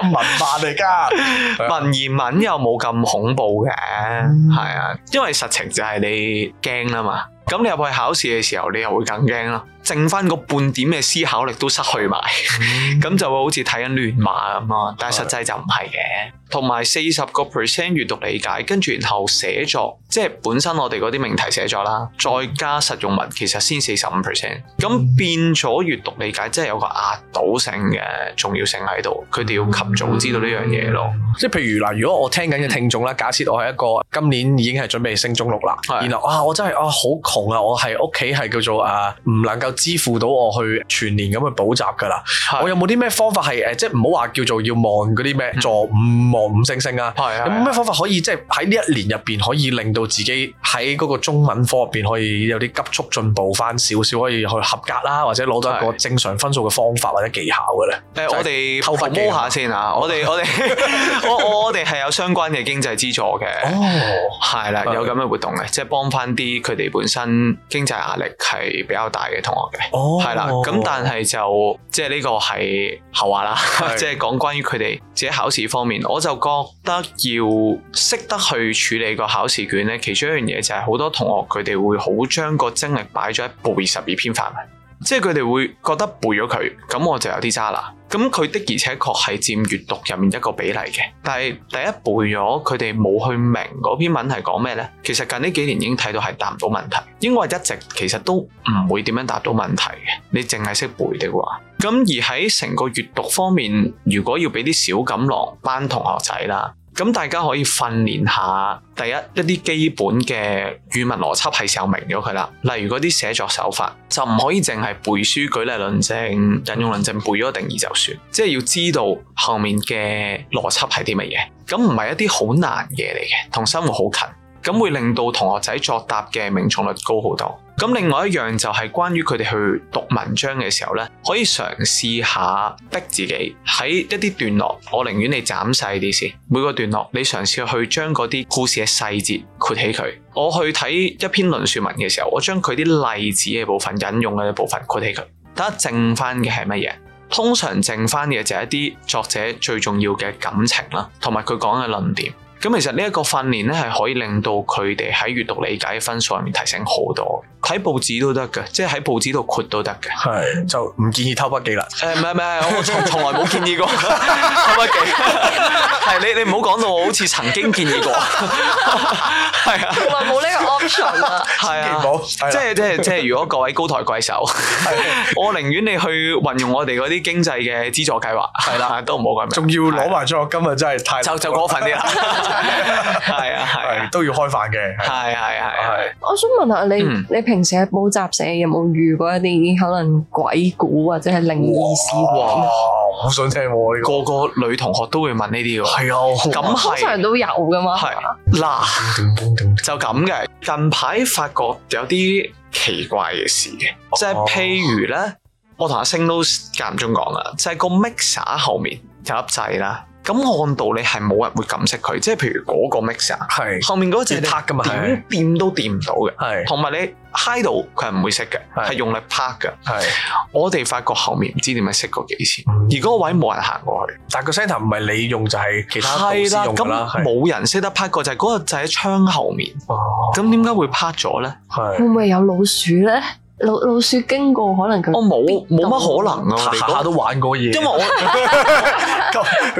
文法嚟㗎。文言文又冇咁恐怖嘅，係啊。因為實情就係你驚啦嘛。咁你入去考試嘅時候，你又會更驚啦，剩翻個半點嘅思考力都失去埋，咁、mm. 就會好似睇緊亂碼咁啊！但係實際就唔係嘅。同埋四十個 percent 閱讀理解，跟住然後寫作，即係本身我哋嗰啲命題寫作啦，再加實用文，其實先四十五 percent。咁、mm. 變咗閱讀理解，即、就、係、是、有個壓倒性嘅重要性喺度，佢哋要及早知道呢樣嘢咯。即係譬如嗱，如果我聽緊嘅聽眾啦，假設我係一個今年已經係準備升中六啦，的然後啊，我真係啊好。啊，我係屋企係叫做啊，唔能夠支付到我去全年咁去補習噶啦。是的 我有冇啲咩方法係誒、呃，即係唔好話叫做要望嗰啲咩座五坐望五星星啊？係係是的 有咩方法可以即係喺呢一年入邊可以令到自己喺嗰個中文科入邊可以有啲急速進步翻少少，可以去合格啦，或者攞到一個正常分數嘅方法或者技巧嘅咧？誒的的、呃，我哋偷摸下先啊！我哋 我哋我我哋係有相關嘅經濟資助嘅。哦，係啦，有咁嘅活動嘅，即、就、係、是、幫翻啲佢哋本身。嗯，經濟壓力係比較大嘅同學嘅，係啦。咁但係就即係呢個係後話啦，即係的 講關於佢哋自己考試方面，我就覺得要識得去處理個考試卷呢，其中一樣嘢就係好多同學佢哋會好將個精力擺咗喺背二十二篇範圍。即係佢哋會覺得背咗佢，咁我就有啲渣啦。咁佢的而且確係佔閱讀入面一個比例嘅，但係第一背咗，佢哋冇去明嗰篇文係講咩呢？其實近呢幾年已經睇到係答唔到問題，因為一直其實都唔會點樣答到問題嘅。你淨係識背的話，咁而喺成個閱讀方面，如果要俾啲小錦囊班同學仔啦。咁大家可以訓練下，第一一啲基本嘅語文邏輯係時候明咗佢啦。例如嗰啲寫作手法，就唔可以淨係背書，舉例論證、引用論證，背咗個定義就算，即係要知道後面嘅邏輯係啲乜嘢。咁唔係一啲好難嘢嚟嘅，同生活好近，咁會令到同學仔作答嘅命中率高好多。咁另外一樣就係關於佢哋去讀文章嘅時候呢，可以嘗試下逼自己喺一啲段落，我寧願你斬細啲先。每個段落，你嘗試去將嗰啲故事嘅細節括起佢。我去睇一篇論說文嘅時候，我將佢啲例子嘅部分引用嘅部分括起佢，大家剩翻嘅係乜嘢？通常剩翻嘅就係一啲作者最重要嘅感情啦，同埋佢講嘅論點。咁其實呢一個訓練呢，係可以令到佢哋喺閱讀理解嘅分數入面提升好多。喺報紙都得嘅，即係喺報紙度括都得嘅。係就唔建議偷筆記啦。誒，唔係唔係，我從從來冇建議過偷筆記。係你，你唔好講到我好似曾經建議過。係啊。原來冇呢個 option 啊。係啊，即係即係即係，如果各位高抬貴手，我寧願你去運用我哋嗰啲經濟嘅資助計劃，係啦，都唔好咁。仲要攞埋咗我今日真係太就就過分啲啦。係啊係，都要開飯嘅。係係係係。我想問下你你平平時喺補習社有冇遇過一啲可能鬼故或者係靈異事怪？哇！好想聽我呢個。個個女同學都會問呢啲噶。係啊，咁通常都有噶嘛。係啊嗱，就咁嘅。近排發覺有啲奇怪嘅事嘅，即係譬如咧，哦、我同阿星都間唔中講啦，就係個 mixer 後面有粒掣啦。咁按道理係冇人會咁識佢，即係譬如嗰個 mixer，是後面嗰隻拍㗎嘛，點掂都掂唔到嘅。係同埋你 hi 到佢係唔會識嘅，係用力拍嘅。係我哋發覺後面唔知點解識過幾次，嗯、而嗰個位冇人行過去，但個 centre 唔係你用就係、是、其他同事用啦。咁冇人識得拍過就係嗰個就喺窗後面。咁點解會拍咗咧？係的會唔會有老鼠咧？老老鼠經過可能咁，我冇冇乜可能啊，下下都玩過嘢。因為我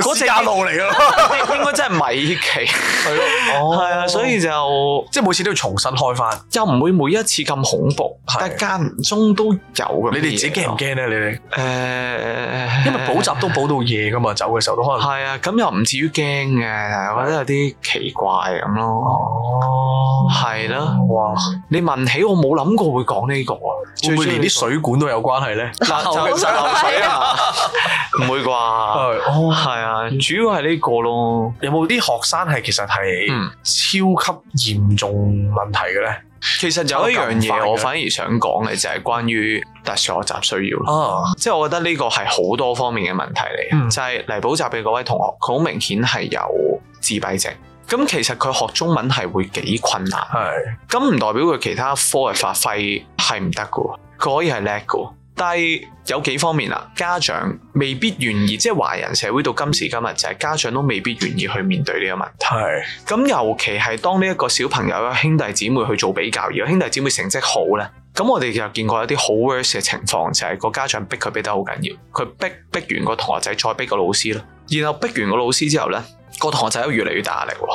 嗰隻路嚟㗎，應該真係米奇係咯，係啊，所以就即係每次都要重新開返，又唔會每一次咁恐怖，但係間唔中都有。你哋自己驚唔驚咧？你哋誒，因為補習都補到夜㗎嘛，走嘅時候都可能係啊。咁又唔至於驚嘅，或者有啲奇怪咁咯。哦，係啦。哇！你問起我冇諗過會講呢個。會唔會連啲水管都有關係咧？就漏水啊。唔會啩？哦，係啊，主要係呢個咯。嗯、有冇啲學生係其實係超級嚴重問題嘅咧？其實有一樣嘢我反而想講嘅就係關於特殊學習需要咯。即係、啊、我覺得呢個係好多方面嘅問題嚟，嗯、就係嚟補習嘅嗰位同學，佢好明顯係有自閉症。咁其實佢學中文係會幾困難，咁唔的代表佢其他科嘅發揮係唔得嘅喎，佢可以係叻嘅。但係有幾方面啊，家長未必願意，即係華人社會到今時今日，就係、是、家長都未必願意去面對呢個問題。咁的尤其係當呢一個小朋友有兄弟姊妹去做比較，如果兄弟姊妹成績好咧，咁我哋就見過一啲好 worse 嘅情況，就係、是、個家長逼佢逼得好緊要，佢逼逼完個同學仔再逼個老師囉，然後逼完個老師之後咧。個同學仔都越嚟越大壓力咯，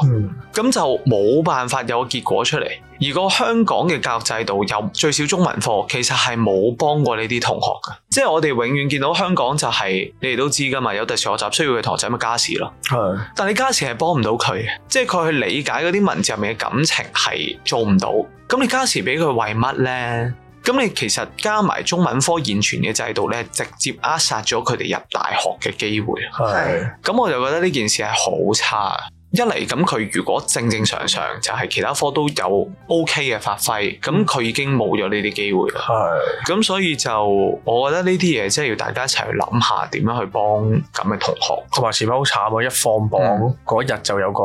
咁、嗯、就冇辦法有個結果出嚟。而個香港嘅教育制度有最少中文課，其實係冇幫過呢啲同學嘅。即係我哋永遠見到香港就係、是，你哋都知噶嘛，有特殊學習需要嘅同學仔咪加時咯。嗯、但係你加時係幫唔到佢，即係佢去理解嗰啲文字入面嘅感情係做唔到。咁你加時俾佢為乜呢？咁你其實加埋中文科現存嘅制度咧，直接扼殺咗佢哋入大學嘅機會。係是。咁我就覺得呢件事係好差。一嚟咁佢如果正正常常就係其他科都有 OK 嘅發揮，咁佢、嗯、已經冇咗呢啲機會。係是。咁所以就我覺得呢啲嘢即係要大家一齊去諗下點樣去幫咁嘅同學。同埋是否好慘啊？一放榜嗰日就有個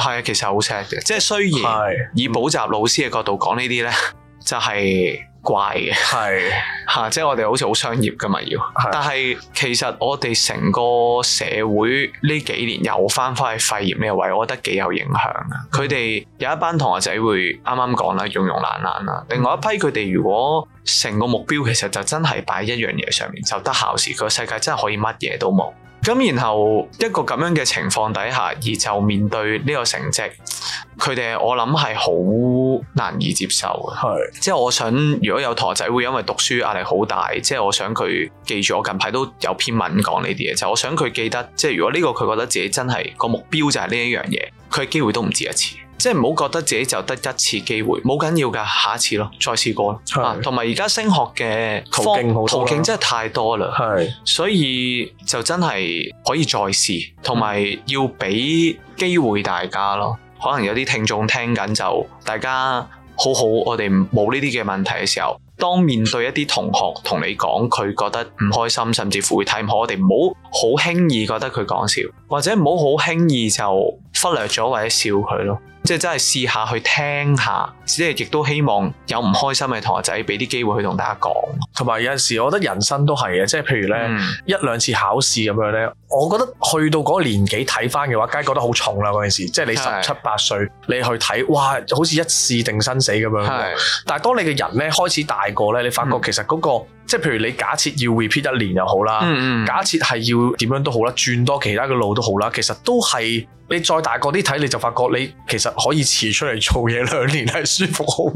係，其實好赤嘅。即係雖然以補習老師嘅角度講呢啲咧，就係、是。怪嘅，係嚇是， 即係我哋好似好商業噶嘛，要是。但係其實我哋成個社會呢幾年又返返去肺炎呢個位，我覺得幾有影響啊。佢哋是的 有一班同學仔會啱啱講啦，庸庸懶懶啦。嗯、另外一批佢哋如果成個目標其實就真係擺一樣嘢上面，就得考試。個世界真係可以乜嘢都冇。咁然後一個咁樣嘅情況底下，而就面對呢個成績。佢哋我諗係好難以接受嘅，係即係我想，如果有台仔會因為讀書壓力好大，即係我想佢記住。我近排都有篇文講呢啲嘢，就係、我想佢記得。即係如果呢、呢個佢覺得自己真係個目標就係呢一樣嘢，佢嘅機會都唔止一次，即係唔好覺得自己就得一次機會，冇緊要噶下一次咯再試過咯同埋而家升學嘅途徑好多途徑真係太多啦，係是的 所以就真係可以再試，同埋要俾機會大家咯可能有啲聽眾聽緊就大家好好，我哋冇呢啲嘅問題嘅時候，當面對一啲同學同你講佢覺得唔開心，甚至乎會睇唔開我哋，唔好好輕易覺得佢講笑，或者唔好好輕易就忽略咗或者笑佢咯，即係真係試下去聽下，即係亦都希望有唔開心嘅同學仔俾啲機會去同大家講。同埋有陣時，我覺得人生都係嘅，即係譬如咧、嗯、一兩次考試咁樣咧，我覺得去到嗰個年紀睇翻嘅話，梗係覺得好重啦嗰件事。即係你十七八歲，你去睇，哇，好似一試定生死咁樣。是的 但係當你嘅人咧開始大個咧，你發覺其實嗰個。嗯即係譬如你假設要 repeat 一年又好啦，嗯嗯假設係要點樣都好啦，轉多其他嘅路都好啦。其實都係你再大個啲睇，你就發覺你其實可以遲出嚟，做嘢兩年係舒服好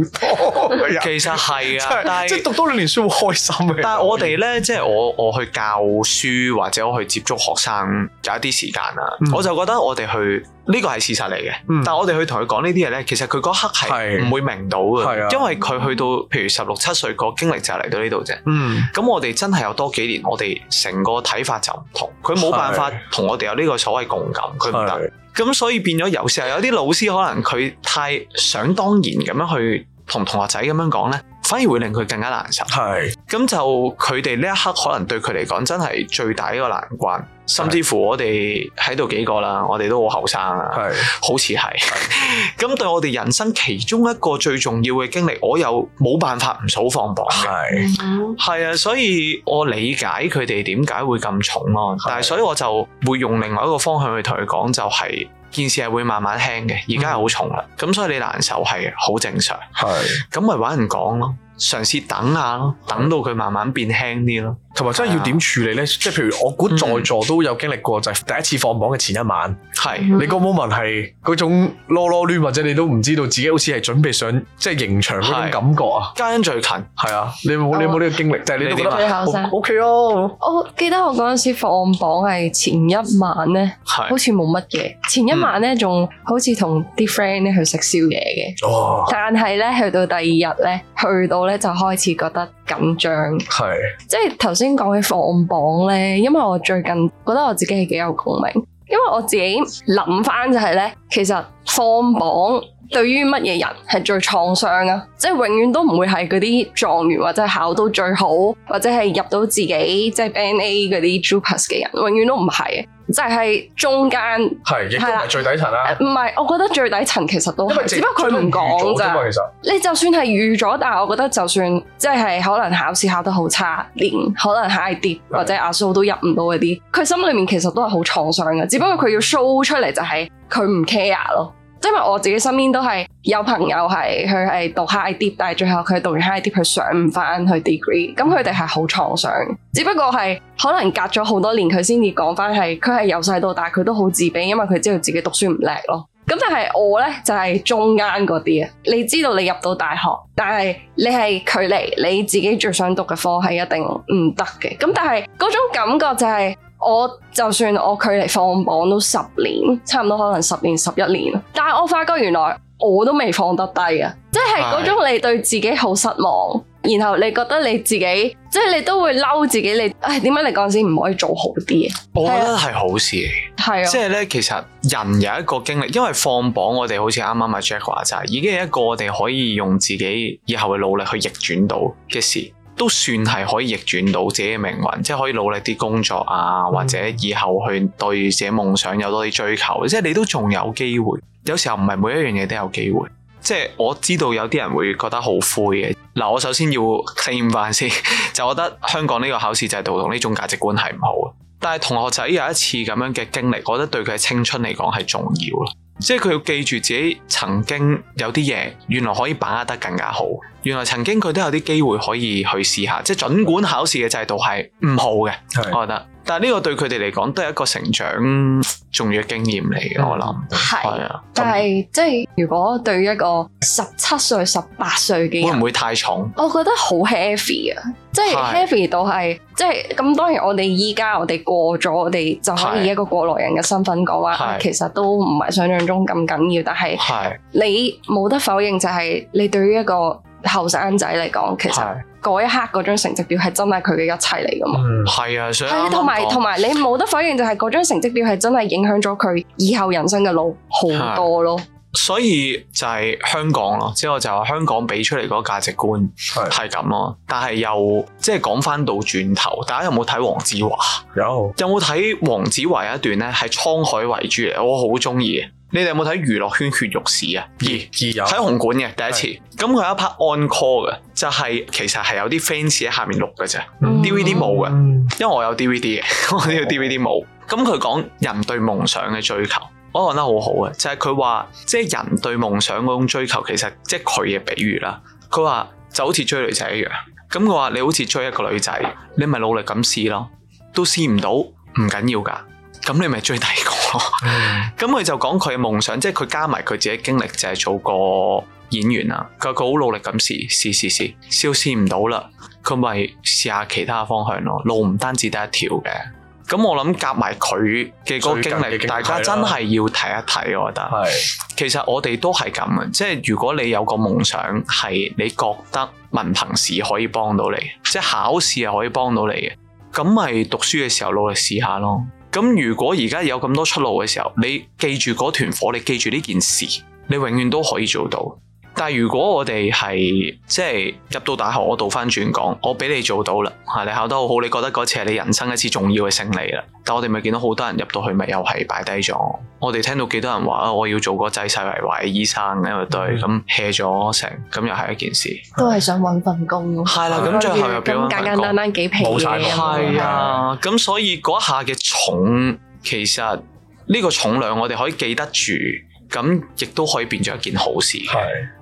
多， 其實係啊，的但係即係讀多兩年書會開心嘅。但係我哋咧，即係我是我，我去教書或者我去接觸學生有一啲時間啊，嗯、我就覺得我哋去。呢個係事實嚟嘅，嗯、但係我哋去同佢講呢啲嘢咧，其實佢嗰刻係唔會明到嘅，啊、因為佢去到譬如十六七歲個經歷就嚟到呢度啫。咁、嗯、我哋真係有多幾年，我哋成個睇法就唔同，佢冇辦法同我哋有呢個所謂共感，佢唔得。咁是所以變咗有時候有啲老師可能佢太想當然咁樣去同同學仔咁樣講呢。反而會令佢更加難受。係是，咁就佢哋呢一刻可能對佢嚟講真係最大一個難關，是甚至乎我哋喺度幾個啦，我哋都是好後生啊，係是，好似係。咁對我哋人生其中一個最重要嘅經歷，我又冇辦法唔數放榜，係是，係啊，所以我理解佢哋點解會咁重咯。是但係所以我就會用另外一個方向去同佢講，就係。件事係會慢慢輕嘅，而家係好重啦，咁，嗯，所以你難受係好正常的，係的，咁咪揾人講咯，嘗試等下咯，等到佢慢慢變輕啲咯。同埋真係要點處理咧？即係譬如我估在座都有經歷過，嗯、就係第一次放榜嘅前一晚，係是你嗰 moment 係嗰種囉囉攣或者你都唔知道自己好似係準備上即係刑場嗰種感覺啊！家鄉最近係啊，你冇你冇呢個經歷，但係、哦、是你，你都覺得 OK 咯、啊。我記得我嗰陣時放榜係前一晚咧，好似冇乜嘢。是前一晚咧仲、嗯、好似同啲 friend 咧去食宵夜嘅，哦、但係咧去到第二日咧，去到咧就開始覺得。緊張係，是即係頭先講起放榜呢，因為我最近覺得我自己係幾有共鳴，因為我自己諗返就係、是、呢，其實放榜對於乜嘢人係最創傷啊？即係永遠都唔會係嗰啲狀元或者係考到最好或者係入到自己即係 Band A 嗰啲 Jupas 嘅人，永遠都唔係，即係中間係亦都係最底層啦。唔係，我覺得最底層其實都，只不過佢唔講咋。預其實你就算係預咗，但係我覺得就算即係可能考試考得好差，連可能 HD 是或者阿蘇都入唔到嗰啲，佢心裏面其實都係好創傷嘅。只不過佢要 show 出嚟就係佢唔 care 咯。因為我自己身邊都係有朋友係去係讀 high dip 但係最後佢讀完 high dip 佢上唔翻去 degree，咁佢哋係好創傷，只不過係可能隔咗好多年佢先至講翻係，佢係由細到大佢都好自卑，因為佢知道自己讀書唔叻咯。咁但係我咧就係、是、中間嗰啲啊，你知道你入到大學，但係你係距離你自己最想讀嘅科係一定唔得嘅。咁但係嗰種感覺就係、是。我就算我距離放榜都十年，差唔多可能十年十一年，但係我發覺原來我都未放得低啊！即係嗰種你對自己好失望，是的 然後你覺得你自己，即係你都會嬲自己，你誒點解你嗰時唔可以做好啲？我覺得係好事，係的是的 即係咧，其實人有一個經歷，因為放榜，我哋好似啱啱阿 Jack 話齋，已經係一個我哋可以用自己以後嘅努力去逆轉到嘅事。都算係可以逆轉到自己嘅命運，即係可以努力啲工作啊，或者以後去對自己夢想有多啲追求，即係你都仲有機會。有時候唔係每一樣嘢都有機會，即係我知道有啲人會覺得好灰嘅。嗱，我首先要澄清返先， 就覺得香港呢個考試制度同呢種價值觀係唔好。但係同學仔有一次咁樣嘅經歷，我覺得對佢嘅青春嚟講係重要啦。即係佢要記住自己曾經有啲嘢，原來可以把握得更加好。原來曾經佢都有啲機會可以去試下，即係盡管考試嘅制度係唔好嘅，是的 我覺得。但係呢個對佢哋嚟講都係一個成長重要嘅經驗嚟嘅，我諗係啊。但係即係如果對一個十七歲、十八歲嘅人，會唔會太重？我覺得好 heavy 啊，即係 heavy 到係是即係咁。當然我哋依家我哋過咗，我哋就可以一個過是來人嘅身份講話，其實都唔係想象中咁緊要。但係你冇得否認，就係你對於一個後生仔嚟講，其實。嗰一刻嗰張成績表係真係佢嘅一切嚟噶嘛？係啊，所以同埋同埋你冇得否認，就係嗰張成績表係真係影響咗佢以後人生嘅路好多咯。所以就係香港咯，即係我就話、是、香港俾出嚟嗰個價值觀係咁咯。的但係又即係講翻到轉頭，大家有冇睇黃子華？有有冇睇黃子華一段咧？係《滄海遺珠》嚟，我好中意。你哋有冇睇娛樂圈血肉史啊？二二有睇紅館嘅第一次。咁佢是、嗯嗯、有一 part encore 嘅，就係、是、其實係有啲 fans 喺下面錄嘅啫。嗯、DVD 冇嘅，因為我有 DVD 嘅， 嗯、我呢個 DVD 冇。咁佢講人對夢想嘅追求，我覺得講得好好嘅，就係佢話，即係人對夢想嗰種追求，其實即係佢嘅比喻啦。佢話就好似追女仔一樣，咁佢話你好似追一個女仔，你咪努力咁試咯，都試唔到唔緊要噶，咁你咪追第二個。咁佢、 嗯、就講佢嘅夢想，即係佢加埋佢自己經歷，就係做個演員啦。佢佢好努力咁試試試試，試唔到啦，佢咪試下其他方向咯。路唔單止得一條嘅。咁我諗夾埋佢嘅嗰個經歷，經歷大家真係要睇一睇。的我覺得我覺得，係的其實我哋都係咁嘅，即係如果你有個夢想係你覺得文憑試可以幫到你，即係考試又可以幫到你嘅，咁咪讀書嘅時候努力試下咯。咁如果而家有咁多出路嘅時候，你記住嗰團火，你記住呢件事，你永遠都可以做到。但係如果我哋係即係入到大學，我倒翻轉講，我俾你做到啦，吓你考得好好，你覺得嗰次係你人生一次重要嘅勝利啦。但我哋咪見到好多人入到去，咪又係擺低咗。我哋聽到幾多人話啊，我要做個濟世為懷嘅醫生咁對，咁 hea 咗成，咁又係一件事。都係想搵份工。係啦，咁最後又簡簡單單幾平嘢。係啊，咁所以嗰下嘅重，其實呢個重量我哋可以記得住。咁亦都可以變咗一件好事，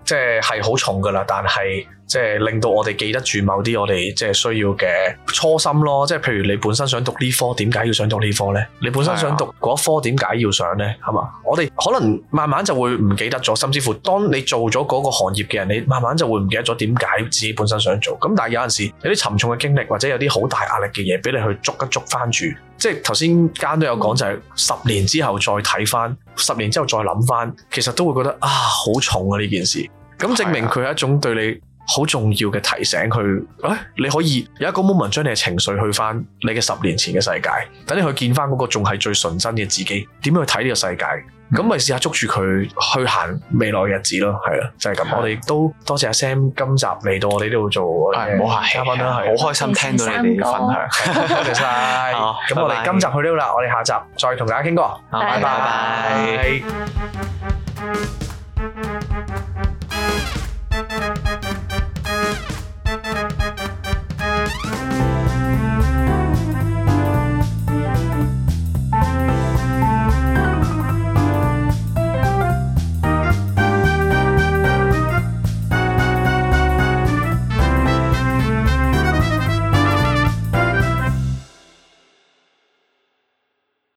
即係係好重㗎喇。但係即係令到我哋記得住某啲我哋即係需要嘅初心咯。即係譬如你本身想讀呢科，點解要想讀呢科呢？你本身想讀嗰科，點解的要上呢？係嘛？我哋可能慢慢就會唔記得咗，甚至乎當你做咗嗰個行業嘅人，你慢慢就會唔記得咗點解自己本身想做。咁但係有陣時有啲沉重嘅經歷，或者有啲好大壓力嘅嘢，俾你去捉一捉翻住。即係頭先間都有講，就係十年之後再睇翻，十年之後再諗翻，其實都會覺得啊，好重啊呢件事。咁證明佢係一種對你好重要嘅提醒，佢誒你可以有一個 moment 將你嘅情緒去翻你嘅十年前嘅世界，等你去見翻嗰個仲係最純真嘅自己，點樣去睇呢個世界。咁咪試下捉住佢去行未來日子咯，係啊，就係咁。我哋都多謝阿 Sam 今集嚟到我哋呢度做，唔好係嘉賓啦，好開心聽到你哋嘅分享，多謝晒！咁我哋今集去呢度啦，我哋下集再同大家傾過，拜拜。